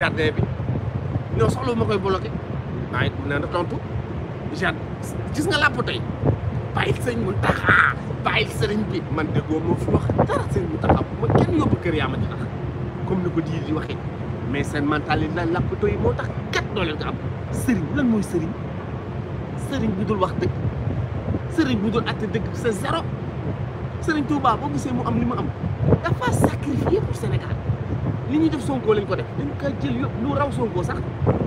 jardin bi non soxla ma koy bloqué waaye na tontu jardin gis nga làpp tey bàyyil sëñ mu taxaa bàyyil sëriñ bi man déggoo moo fi wax dara sëñ mu taxaa kër yaa ma ci comme ko diir waxee mais seen mentalité la làpp tey moo tax kat doo leen ko am sëriñ lan mooy sëriñ sëriñ bu dul wax dëgg sëriñ bu dul atte dëgg c'est zéro sëriñ Touba boo gisee mu am li mu am dafa sacrifié pour Sénégal li ñuy def Sonko lañ ko def dañ kaa jël yëpp lu raw Sonko sax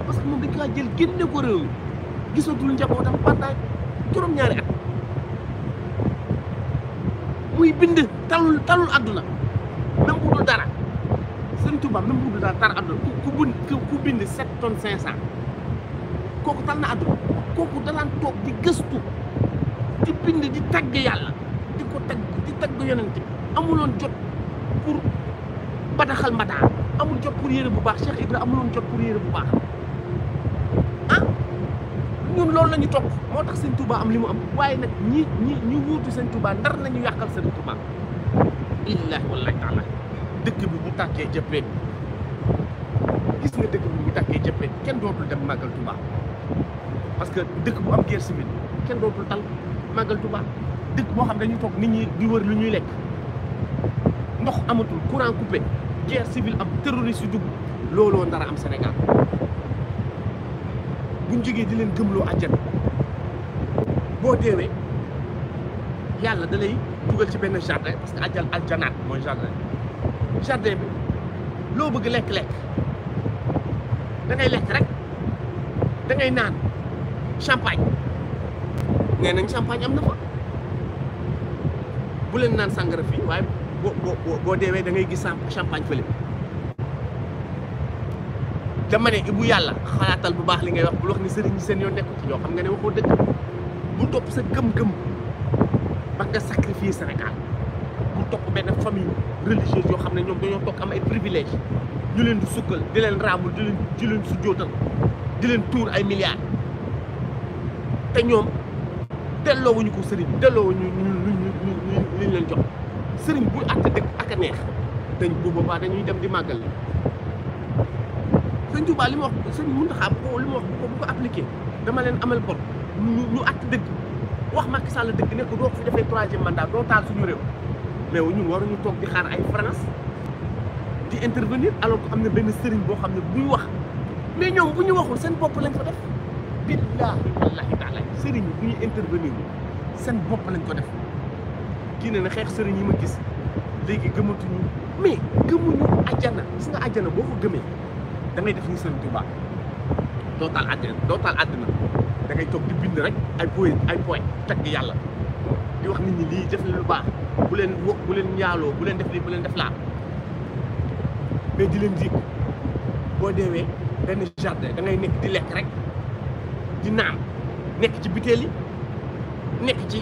parce que moom dañ kaa jël génne ko réew mi gisatul njabootam pendant juróom-ñaari at muy bind talul talul àdduna même dara Sëriñ Tuubaa même bu dul dara tar àdduna cent kooku tal na toog di gëstu di bind di tagg yàlla di ko tagg di tagg yonent amuloon jot pour badaxal mbataan amul jot pour yére bu baax Cheikh Ibra amuloon jot pour yére bu baax ah, loolu la ñu topp moo tax sëñ Touba am li mu am waaye nag ñi ñi ñu wuutu sëñ Touba ndar nañu yàqal sëñ Touba illaahi wallaahi taala dëkk bi mu tàkkee jëppee gis nga dëkk bi bu tàkkee jëppee kenn dootul dem màggal Touba parce que dëkk bu am guerre civile kenn dootul tal màggal Touba dëkk boo xam ne dañuy toog nit ñi di wër lu ñuy lekk ndox amatul courant coupé guerre civile ab terroriste yu dugg looloo dara am Sénégal buñ jógee di leen gëmloo àjjana boo deewee yàlla da lay dugal ci benn jardin parce que àjjal aljanaat mooy jardin jardin bi loo bëgg lekk-lekk dangay lekk rek dangay naan champagne nee nañ champagne am na fa bu leen naan sàngara fii waaye boo boo boo deewee da ngay gis champagne fële dama ne ibu yalla, xalaatal bu baax li ngay wax bul wax ni sëriñ ñi seen yoon nekku ci ñoo xam nga ne waxoo dëgg bu topp sa gëm-gëm ba nga sacrifier Sénégal bu topp benn famille religieuse am ay privilège ñu leen di sukkal di leen raamul di leen leen su di leen ay milliards te ko ñu ñu ñu ñu ñu sëriñ bu ak dekk ak neex dañ bu boobaa dañuy dem di magal li sëñ Tuubaa wax ma wax sëñ Muntaxa ko li wax bu ko bu ko appliqué dama len amal bor ñu att dekk wax Macky Sall dekk nek do fi defé 3e mandat do taal suñu rew mais ñun ñu tok di xaar ay France di intervenir alors que am na benn sëriñ boo bu ñu wax mais ñom bu ñu waxul seen bop lañ ko def billahi wallahi taala serigne bu ñu intervenir seen bop lañ ko def kii na xeex sëriñ yi ma gis léegi gëmatuñu mais gëmuñu ajjana gis nga ajjana boo ko gëmee da def ni sëriñ Tuubaa doo taal àddina doo àddina da toog di bind rek ay poème ay poème tagg yàlla di wax nit ñi lii def leen baax bu leen wo bu leen ñaaloo bu leen def lii bu leen def laa mais di leen jiig boo deewee benn jardin da nekk di lekk rek di naan nekk ci bitéel yi nekk ci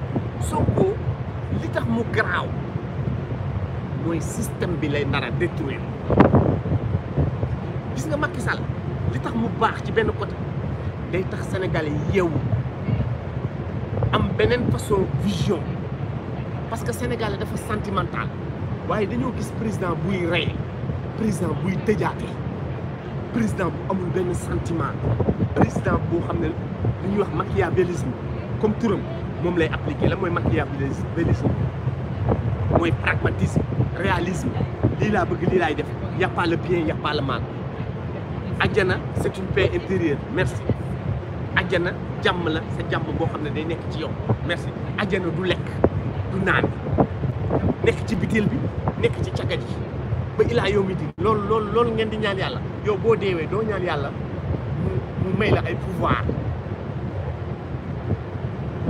Sonko li tax mu garaaw mooy système bi lay nar a détruire gis nga Macky Sall li tax mu baax ci benn côté day tax sénégalais yeewu am beneen façon vision parce que sénégalais é dafa sentimental waaye dañoo gis président buy rey président buy tëjaate président bu amul benn sentiment président boo xam ne li ñuy wax machiavélisme comme turam moom lay appliqué la mooy machiavélisme mooy pragmatisme réalisme lii laa bëgg lii laay def y a pas le bien y a pas le mal ajjana merci ajjana jàmm la sa jàmm boo xam ne day nekk ci yow merci ajjana du lekk du naan nekk ci bitéel bi nekk ci caggat yi ba ilaa yow mi lool loolu lool ngeen di ñaan yàlla yow boo deewee doo ñaan yàlla mu may la ay pouvoir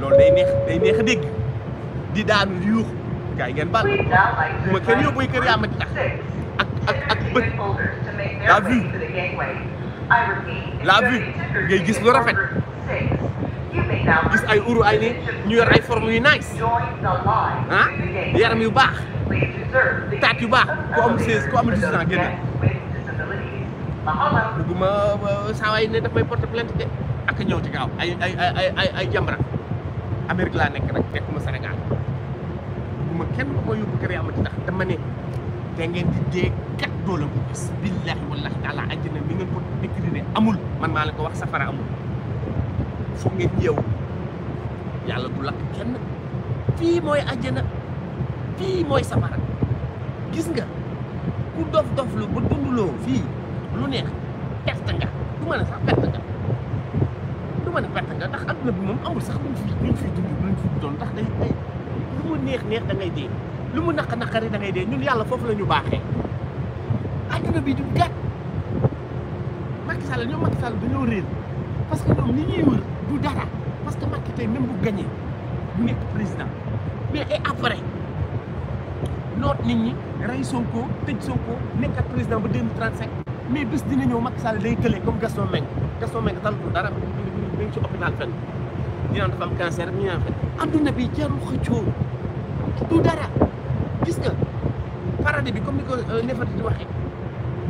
loolu day neex day neex a dégg di daanu di yuux yi ngeen baal bu ma kenn kër yaa ma tax ak ak ak la vue la vue ngay gis lu rafet gis ay uru ay ni ñu yor ay forme yu nice ah yaram yu baax taat yu baax ku am 16 ku am 18 ans génn euh, saa waay ne daf porte plainte de ak ñëw ci gaaw ay ay ay ay ay Amérique laa nekk nag nekkuma Sénégal ma kenn ku ma yóbbu kër yàlla ci tax dama ne da ngeen di dee doo la ko gis billahi wallahi taala àjjana mi ngeen ko décliné amul man maa leen ko wax safara amul foog ngeen yeewu yàlla du lakk kenn fii mooy àjjana fii mooy safara gis nga ku dof dof lu ba dunduloo fii lu neex perte du mën a sax perte nga ma ne perte nga ndax adduna bi moom amul sax buñ fi buñ fi dund buñ fi doon ndax day day lu mu neex neex da ngay dee lu mu naq naqari da ngay dee ñun yàlla foofu la ñu baaxee adduna bi du gàtt Macky Sall ñoom dañoo réer parce que ñoom li ñuy wër du parce que Macky bu gagné bu nekk président mais et après noot nit ñi rey Sonko tëj Sonko nekkat président ba 2035 mais bés dina ñëw Macky Sall day tële comme Gaston Mbengue Gaston Mbengue tal ko dara. ngi ci hôpital fenn ñu naan dafa am cancer ñu bi jarul xëccoo du dara gis nga paradis bi comme ni ko euh, Néfati di waxee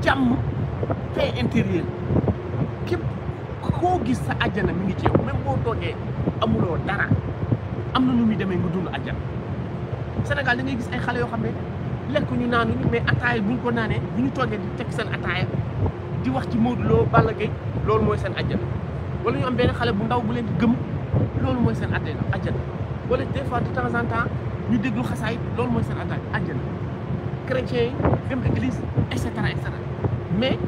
jàmm paix intérieure képp koo gis sa àjjana mi ngi ci yow même boo toogee amuloo dara am na nu muy demee nga dund àjjana Sénégal da ngay gis ay xale yoo xam ne lekk ñu naanuñu mais ataaya bu ko naanee bu ñu toogee di teg seen ataaya di wax ci Modou Lo Balla Gaye loolu mooy seen àjjana wala ñu am benn xale bu ndaw bu leen gëm loolu mooy seen atte àjjana wala des fois de temps en temps ñu déglu xasaay loolu mooy seen attaque àjjana chrétiens yi dem église et mais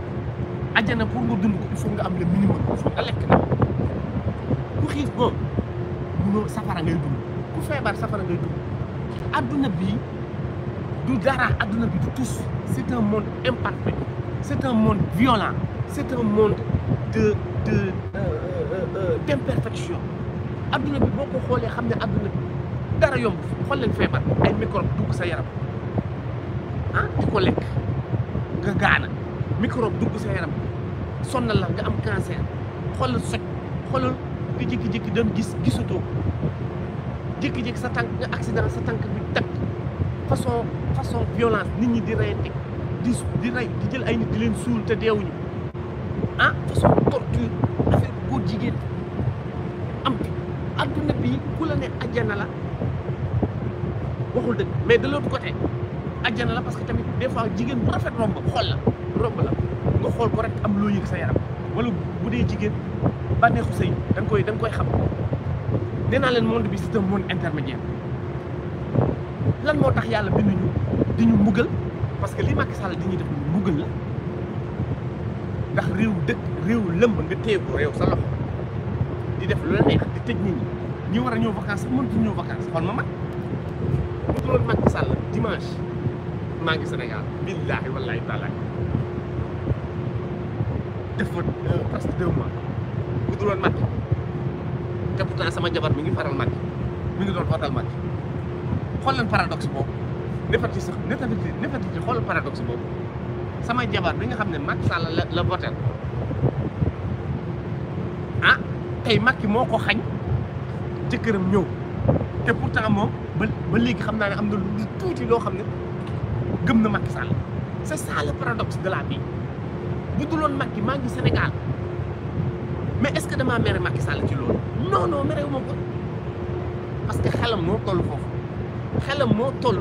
àjjana pour nga dund ko il faut nga am le minimum il faut nga lekk na ku xiif ba munoo safara ngay dund ku feebar safara ngay dund adduna bi du dara adduna bi du tous c' est un monde est un violent c' de euh, d'imperfection adduna bi boo ko xoolee xam ne adduna bi dara yomb xool leen feebar ay microbe dugg sa yaram ah di ko lekk nga gaana microbe dugg sa yaram sonnal la nga am cancer xoolal soj xoolal nga jékki-jékki doon gis gisatoo jékki-jékki sa tànk nga accident sa tànk bi takk façon façon violence nit ñi di reyante di di rey di jël ay nit di leen suul te deewuñu ah façon torture affaire góor jigéen adduna bii ku la ne ajjana la waxul dëgg mais de l'autre côté ajjana la parce que tamit des fois jigéen bu rafet romb xool la romb la nga xool ko rek am loo yëg sa yaram wala bu dee jigéen bànneexu sëy da nga koy da koy xam nee naa leen monde bi c'est un monde intermédiaire lan moo tax yàlla bind ñu di ñu mbugal parce que li Macky Sall di ñuy def mbugal la ndax réew dëkk réew lëmb nga téye ko sa loxo def lu la neex di tëj nit ñi ñi war a ñëw vacances sax mënut ñëw vacances kon ma man bu duloon Macky Sall dimanche maa ngi Sénégal billaahi wallaahi taalaa def fa presque deux mois bu duloon Macky te pourtant sama jabar mi ngi faral Macky mi ngi doon xootal Macky xool leen paradoxe boobu neferti sax neferti neferti xool paradoxe boobu sama jabar bi nga xam ne Macky Sall la la voté tey Macky moo ko xañ jëkkëram ñëw te pourtant moom ba ba léegi xam naa ne am na lu tuuti loo xam ne gëm na Macky Sall c'est ça le paradoxe de la bu duloon Macky maa ngi Sénégal mais est-ce que damaa mere Macky Sall ci loolu non non ma ko parce que xelam moo toll foofu xelam moo toll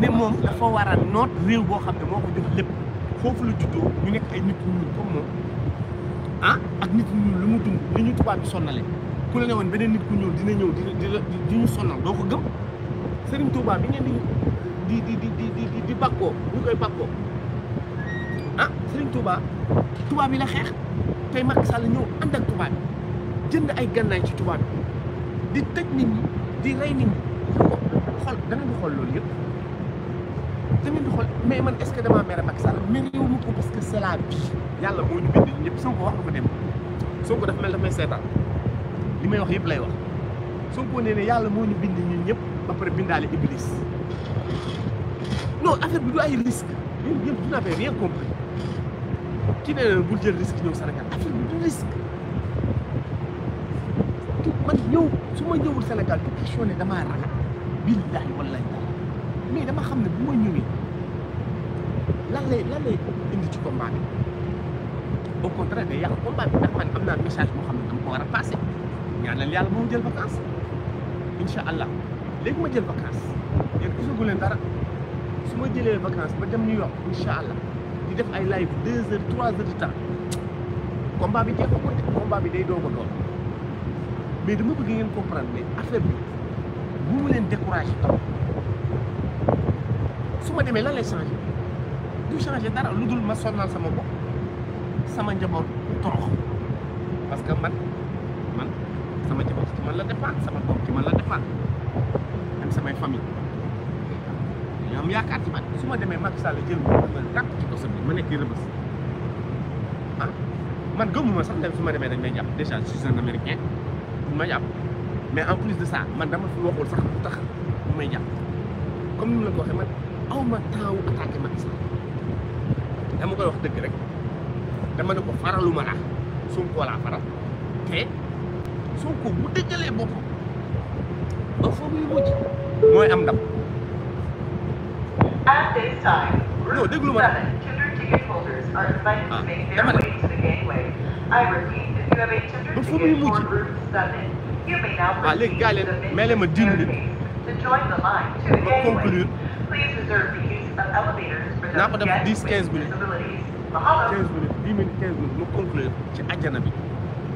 ne moom dafa war a noot réew boo xam ne moo ko jox lépp foofu la juddoo ñu nekk ay nit ñu comme moom ah ak nit ñu lu mu dund li ñu tubaab bi sonnale ku la ne woon beneen nit ku ñëw dina ñëw dina dina di ñu sonnal doo ko gëm Serigne Touba bi ngeen di di di di di di bàkkoo ñu koy bàkkoo ah Serigne Touba tubaab yi la xeex tey Macky Sall ñëw ànd ak tubaab bi jënd ay gannaay ci tubaab bi di tëj nit ñi di rey nit ñi xool da nga xool loolu yëpp. da ngeen di xool mais man est ce que damaa mere Macky Sall merewuma ko parce que c'est la yàlla moo ñu bind soo Sonko wax na ko dem Sonko dafa mel daf may seetaan li may wax yëpp lay wax Sonko nee ne yàlla moo ñu bind ñun ñëpp ba pare bindaale Iblis non affaire bi du ay risque yéen ñëpp vous n'avez rien jël risque ñëw Sénégal affaire bi du risque man ñëw su ma ñëwul Sénégal du question damaa ragal billahi wallahi mais dama xam ne bu ma ñëwee lan lay lan indi ci combat bi au contraire day yàq combat bi ndax man am naa message boo xam ne dama ko war a passé ñaanal yàlla ba mu jël vacance incha allah léegi ma jël vacance yéen gisagu leen dara su ma jëlee vacance ba dem New York incha allah di def ay live deux heures trois heures de temps combat bi jeexagul de combat bi day doog a doon mais dama bëgg ngeen comprendre ne affaire bi bu leen découragé trop. su ma demee lan lay changé du changé dara lu dul ma sonal sama bopp sama njaboot torox parce que man man sama njaboot ci man la dépend sama doom ci man la dépend ak samay famille ñoo am yaakaar ci man su ma demee Macky Sall jël ma ràpp ci ko bi ma nekk rëbës ah man gëmuma sax dem su ma demee dañ may jàpp déjà je américain ma jàpp mais en plus de ça man dama fi waxul sax lu tax may jàpp comme ni la ko man. aw ma temps wu attaqué Macky Sall dama koy wax dëgg rek dama ne ko faral te Sonko bu dëggalee boppam ba fa muy mujj mooy am ndam. non déglu ma nag ah dama ne ba fa muy mujj waaw ah, léegi gars yi leen may leen ma dix minutes ma Please reserve the use quinze minutes quinze minutes ma conclure ci àjjana bi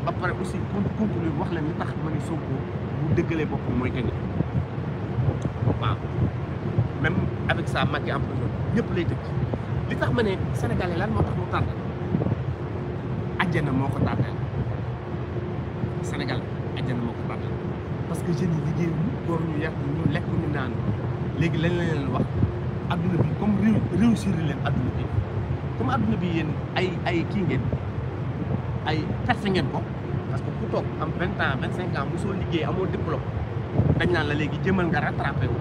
ba pare aussi pour wax leen tax ma ni Sonko bu dëggalee boppam mooy gagné waaw même avec ça Macky en prison ñëpp lay tëj li tax ma ne Sénégalais lan moo tax mu tardé àjjana moo ko tardé parce que jeunes yi ñu góor ñu yàq ñu lekk ñu naan léegi lañ leen wax adduna bi comme réussir leen adduna bi comme adduna bi yéen ay ay kii ngeen ay perte ngeen ko parce que ku toog am vingt ans vingt cinq ans mosoo liggéey amoo diplôme dañ naan la léegi jëmal nga rattrapé wu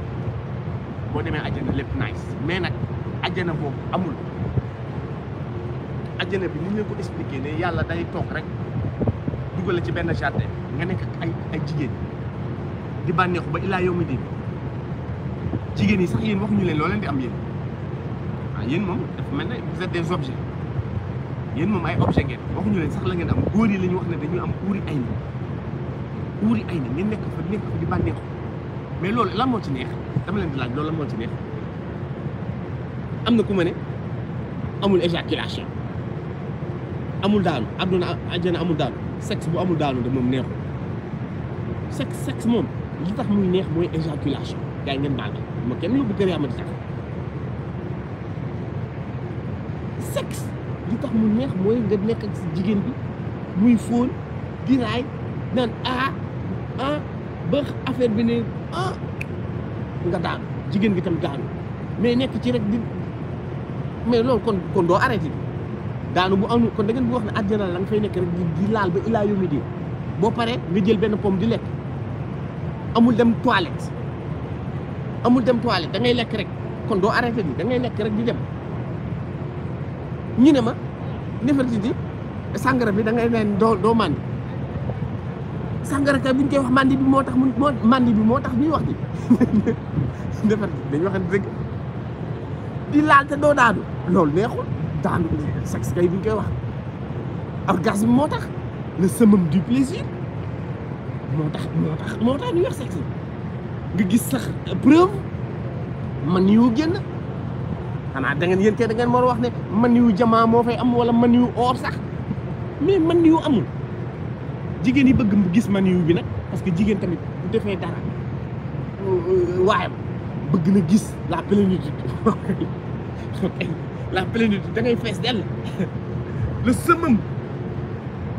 boo demee àjjana lépp nice mais nag àjjana boobu amul àjjana bi ni ñu ko expliqué ne yàlla day toog rek dugal la ci benn jardin nga nekk ay ay jigéen di bànneexu ba illaa yow mi di jigéen yi sax yéen waxuñu leen loo leen di am yéen waaw ah, yéen moom dafa mel ne vous des objets yéen moom ay objet ngeen waxuñu leen sax la ngeen am góor yi la ñu wax ne dañu am uuri ay na uuri ay na ngeen nekk fa nekk fa di bànneexu mais loolu lan moo ci neex dama leen di laaj loolu lan moo ci neex am na ku ma ne amul éjaculation amul daanu àdduna àjjana amul daanu sexe bu amul daanu de moom neexul sexe sexe moom li tax muy neex mooy éjaculation gaa yi ngeen baal ma kenn yóbbu kër Amady Dia sexe li tax mu neex mooy nga nekk ak si jigéen bi muy fóon di raay naan ah, ah ba affaire bi ne ah nga daanu jigéen bi tam daanu mais nekk ci rek di mais loolu kon kon doo arrêté daanu bu amul kon da ngeen bu wax ne àjjana la nga fay nekk rek di laal ba ilaa yomi boo paree nga jël benn pomme di lekk amul dem toilette. amul dem toilette da ngay lekk rek kon doo arrêté bi dangay ngay lekk rek di dem ñu ne ma Nefertiti di sàngara bi da ngay neen doo doo màndi sàngara ka bi ñu koy wax màndi bi moo tax mu moo màndi bi moo tax ñuy wax ji Nefertiti dañuy waxante dëgg di laal te doo loolu neexul daanu sexe koy wax orgasme moo tax le summum moo tax moo tax moo wax sexe nga gis sax preuve man yu genn xana da ngeen yéen kay da ngeen mo wax ne man yu jamaa mo fay am wala man yu or sax mais man yu amul jigen yi bëgg mu gis man yu bi nak parce que jigen tamit bu defee dara euh, waayam bëgg na gis la plénitude la plénitude da ngay fess del le summum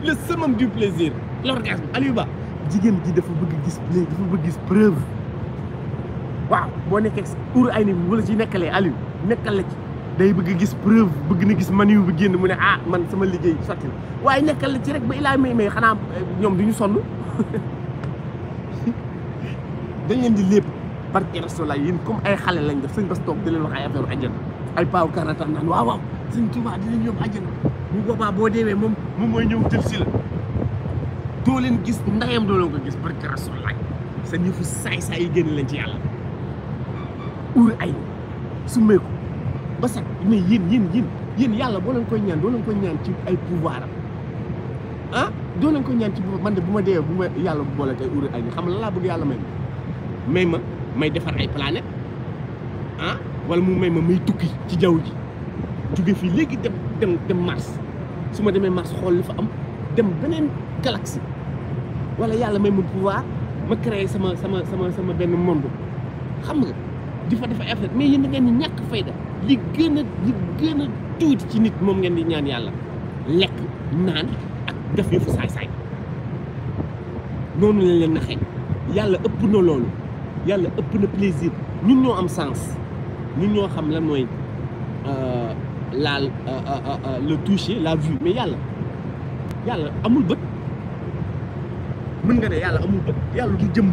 le summum du plaisir l'orgasme Aliou jigen jigéen ji dafa bëgg gis dafa bëgg gis preuve waaw boo nekkee uur ay ni bi bu la ci nekkalee Aliou nekkal la ci day bëgg gis preuve bëgg na gis maniw bi génn mu ne ah man sama liggéey sotti na waaye nekkal la ci rek ba ilaa may may xanaa eh, ñoom du ñu dañ leen di lépp barke rasulaa yéen comme ay xale lañ def sëñ bas toog di leen wax ay affaire ajjana ay paaw karatan naan waaw waaw sëñ Tuubaa dinañ ñoom ajjana bu la leen gis ndayam doo leen ko gis barke rasulaa seen yëfu saay-saay ci uuri ay su meeku ba sax ne yéen yéen yéen yéen yàlla boo leen koy ñaan doo leen koy ñaan ci ay pouvoir am ah doo leen koy ñaan ci man de bu ma dee bu ma yàlla bu boole tey uuri ay ni xam nga la laa bëgg yàlla may ma may ma may defar ay planète ah wala mu may ma may tukki ci jaww ji jóge fii léegi dem dem dem Mars su ma demee Mars xool li fa am dem beneen galaxie walla yàlla may ma pouvoir ma créer sama sama sama sama benn monde xam nga di fa def ay mais yéen da ngeen di ñàkk fayda li gën a li gën a tuuti ci nit moom ngeen di ñaan yàlla lekk naan ak def yëfu saay-saay noonu lañ leen naxee yàlla ëpp na loolu yàlla ëpp na plaisir ñun ñoo am sens ñun ñoo xam lan mooy euh, laal euh, euh, le toucher la vue mais yàlla yàlla amul bët mën nga ne yàlla amul bët yàlla du jëmm.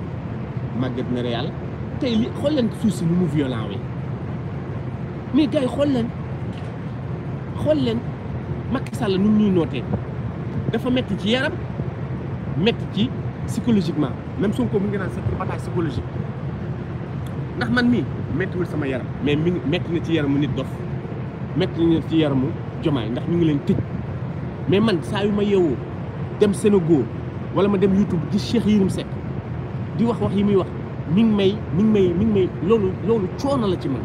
Maguette Mère Yàlla tey li xool leen suuf si nu mu violent wi mais gars xool leen xool leen Macky Sall nu ñuy nootee dafa metti ci yaram metti ci psychologiquement même Sonko mu ngi naan c'est une bataille psychologique ndax man mii mettiwul sama yaram mais mi metti na ci mu nit dof metti na ci yaramu jomaay ndax ñu ngi leen tëj mais man saa yu ma yeewoo dem Sénégal wala ma dem YouTube gis Cheikh Yérim Seck di wax wax yi muy wax mi ngi may mi may mi ngi may loolu loolu coono la ci man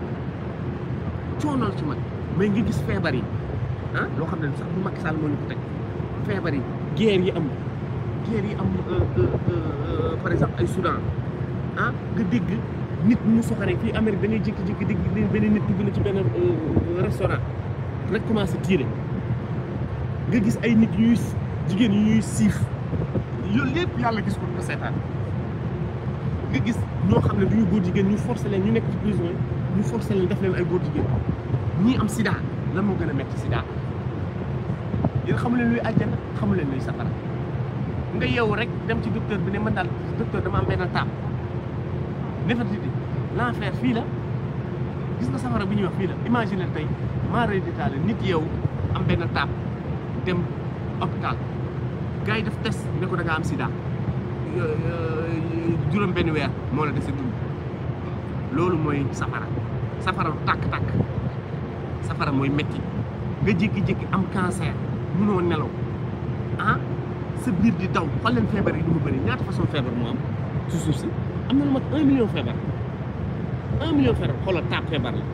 coono la ci man mais nga gis feebar yi ah, loo xam ne sax bu Macky Sall moo ñu ko teg feebar yi guerre yi am guerre yi am euh, euh, euh, par exemple ay Soudan ah, nga dégg nit ñu soxare fii Amérique da ngay jékki-jékki dégg benn nit dugg la ci benn restaurant rek commencé tiire nga gis ay nit ñuy jigéen yu ñuy siif loolu lépp yàlla gis ko ko seetaan nga gis ñoo xam ne du ñu góor jigéen ñu forcé leen ñu nekk ci prison yi ñu forcé leen def leen ay góor jigéen ñii am sida lan moo gën a metti sida yéen xamu leen luy àjjana xamu leen luy safara nga yeewu rek dem ci docteur bi ne man daal docteur dama am benn taab néfertiti l'enfer fii la gis nga safara bi ñuy wax fii la imagine tey mara détaillé nit yow am benn taab dem hôpital gars yi def test ne ko da am sida juróom benn weer moo la dese dund loolu mooy safara safara takk tàkk safara mooy metti nga jékki-jékki am cancer munoo nelaw ah sa biir di daw xool feebar yi du mu bëri ñaata façon feebar moo am ci suuf si am na lu mat un million feebar un million feebar xoolal taab feebar la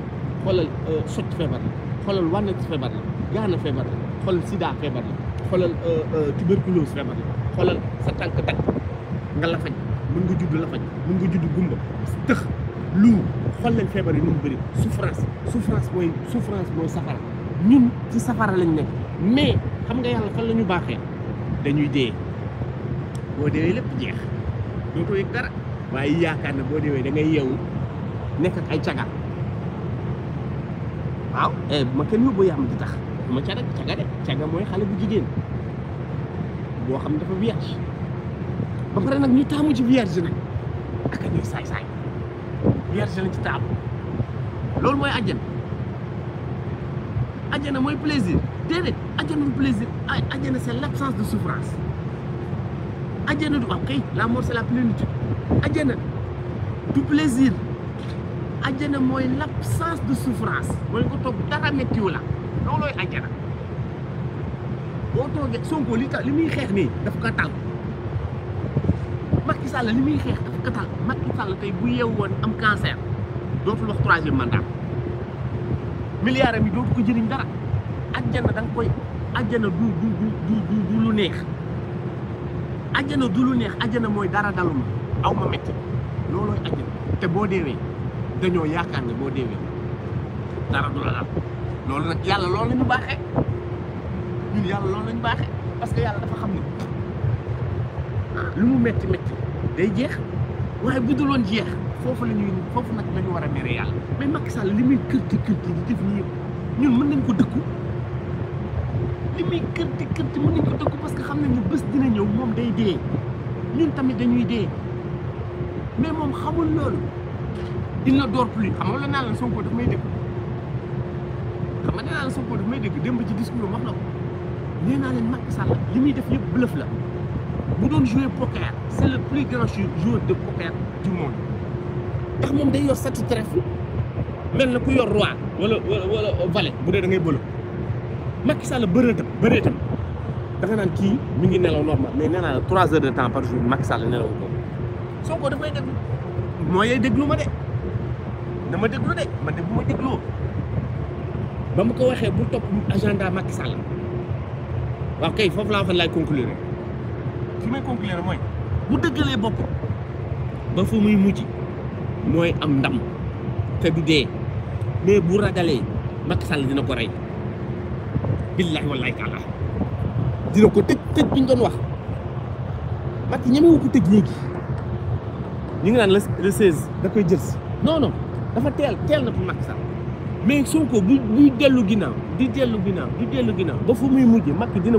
xoolal euh, socc feebar la xoolal wànnet feebar la gaana feebar la xoolal sida feebar la xoolal euh, euh, tuberculose feebar la xoolal sa tànk tàkk nga la fañ mën nga judd la fañ nga judd gumba tëx lu xool leen feebar yi nu mu bëri souffrance souffrance mooy souffrance mooy safara ñun ci safara lañ nekk mais xam nga yàlla fan la ñu baaxee dañuy dee boo deewee lépp jeex dootoo yëg dara waaye yaakaar ne boo deewee da ngay yeewu nekk ak ay caga waaw eh, ma kenn yóbbu yàmm di tax ma caga caga mooy xale bu jigéen boo xam dafa vierge ba pare nag ñu taamu ci vierge nak ak ñu say say vierge lañ ci taamu loolu mooy adjan àjjana moy plaisir déedéet àjjana du plaisir àjjana c'est l'absence de souffrance àjjana du am la mort c'est la plénitude àjjana du plaisir àjjana moy l'absence de souffrance moy ko tok dara méttiwu la lolou àjjana boo toogee Sonko li tax li muy xeex nii daf ko tal Macky Sall li muy xeex dafa katal Macky Sall tey bu yeewu woon am cancer dootul wax troisième mandat milliards yi dootu ko jëriñ dara àjjana da nga koy àjjana du du du du lu neex àjjana du lu neex àjjana mooy dara daluma aw ma métti loolooy àjjana te boo deewee dañoo yaakaar ne boo deewee dara du la dal loolu nag yàlla loolu la ñu ñun yàlla loolu la ñu baaxee parce que yàlla dafa xam ne lu mu métti métti day jeex waaye bu dul jeex foofu la ñuy foofu nag la war a mere yàlla mais Macky Sall li muy kërti kërti di def nii ñun mën nañ ko dëkku li muy kërti kërti mën nañ ko dëkku parce que xam nañu bés dina ñëw moom day dee tamit dañuy dee mais moom xamul loolu il ne dort plus naa la Sonko daf may dégg xam nga nee naa la Sonko daf may dégg démb ci discours am wax na ko nee naa leen Macky Sall li muy def yëpp bluff la. Vous jouer poker c'est le plus grand joueur de poker du monde Par mon day trèfle roi voilà, wala valet Macky da nga normal mais il heures de temps par jour Macky Sall ko soo ko dafay déglu mooy yee déglu ma de dama me de man de ko agenda Macky Sall kay conclure je may conclure mooy bu dëggalee bopp ba fu muy mujj mooy am ndam mais bu ragalee Macky dina ko rey billahi wallahi taala dina ko doon wax ko le seize da koy jël non non na mais Sonko bu buy dellu ginnaaw di dellu ginnaaw di dellu ginnaaw ba fu muy mujj dina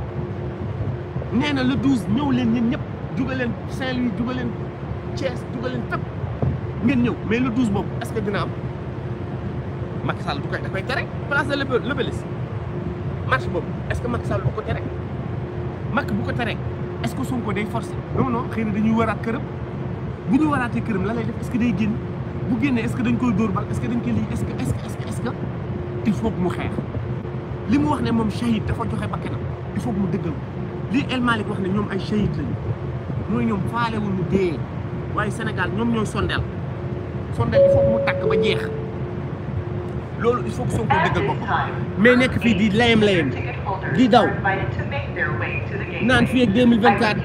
nee na le 12 ñëw leen ñun ñëpp jugaleen Saint-Louis jugaleen Thiès jugaleen fépp ngeen ñëw mais le 12 boobu est-ce que dina am Macky Sall du koy da koy tere place de l'Obélisque marche boobu est-ce que Macky Sall du ko tere Macky bu ko tere est-ce que Sonko day forcer non non xëy na dañuy waraat këram bu ñu waraatee këram la lay def est-ce que day génn bu génnee est-ce que dañ koy dóor bal est-ce que dañ koy lii est-ce que est-ce que est-ce que il faut que mu xeex li mu wax ne moom shahid dafa joxe bakkanam il faut que mu dëggal li El Malick wax ne ñoom ay chahit lañu ñoom faale wu ñu dee waaye Sénégal ñoom ñooy sondeel sondeel il faut mu takk ba jeex loolu il faut que Sonko dëggal bopp mais nekk fii di layam layam di daw naan fii ak 2024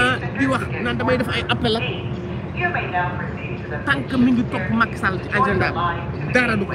ah di wax naan damay def ay appel ak tant que mi ngi topp Macky Sall ci agenda dara du ko.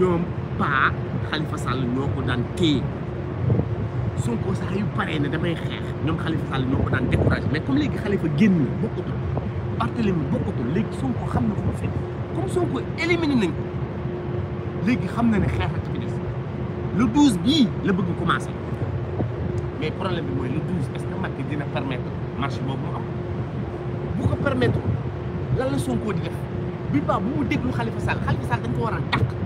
ñoom paa Khalifa Sall ñoo ko daan téye Sonko saa yu paree ne damay xeex ñoom Khalifa ñoo ko daan découragé mais comme léegi Khalifa génn bokkatul Barthélemy bokkatul léegi Sonko xam na fu mu fekk comme Sonko éliminé nañ léegi xam na ne xeex ak ci des le 12 bii la bëgg commencé mais problème bi mooy le 12 est ce que Macky dina permettre marche boobu mu am bu ko permettre lan la Sonko di def bi ba bu mu déglu Khalifa Sall Khalifa ko war a dàq.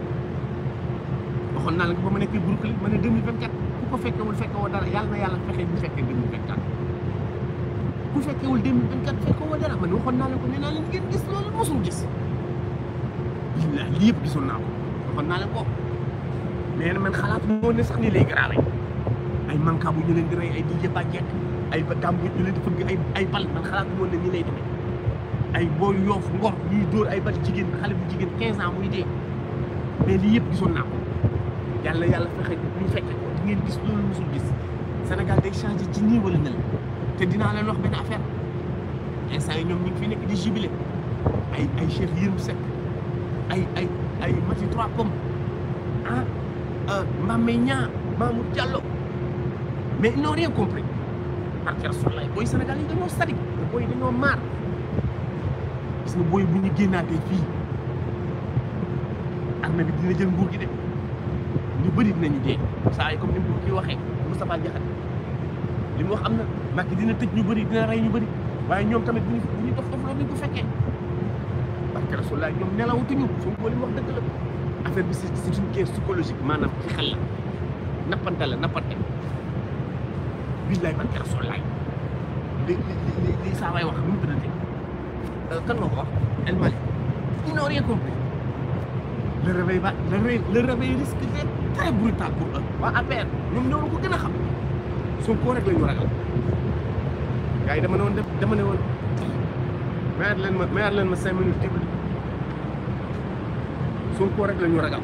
waxoon naa la ko ba ma nekk Brooklyn ma ne 2024 ku ko fekkewul fekkewoo dara yàlla na yàlla bu fekkewul 2024 fekkewoo dara man waxoon naa la ko nee naa loolu ne sax nii lay garaale ay manka bu ñu leen ay DJ bal man xalaat moo ne nii lay demee ay booy yoof ngor ñuy dóor ay bal jigéen xale bu jigéen 15 ans muy dee mais lii yëpp gisoon naa yalla yalla fexe ñu fekke ko di ngeen gis loolu musul gis Sénégal day changé ci nii wala nel te dinaa leen wax benn affaire instant yi ñoom ñu ngi fi nekk di jubilé ay ay chef Yérim Seck ay ay ay Mati Trois Pommes ah euh, Mame Niang Mamour Diallo mais ils n'ont rien compris par kër Soulay boy Sénégal yi dañoo sadik boy booy dañoo maar gis nga boy bu ñu génnaatee fii armée bi dina jël nguur gi de. ñu bari dinañu dee saa yi comme ni mu kii waxee Moustapha Diakhaté li mu wax am na Macky dina tëj ñu bari dina rey ñu bari waaye ñoom tamit bu ñu bu ñu dof dof loolu bu fekkee parce que Rasulullah ñoom ko li mu wax dëgg la affaire bi c'est une guerre psychologique maanaam ci xel la nappante la nappante billaay barke Rasulullah li li li saa waay wax nu mu tëddate euh, kan ko wax El Malick ils n'ont rien compris le réveil va le très brutal pour eux waa APR ñoom ñoo ko gën a xam Sonko rek la ñu ragal gars yi dama ne woon dama ne woon mayaat leen ma mayaat leen ma cinq minutes déglu rek la ñu ragal.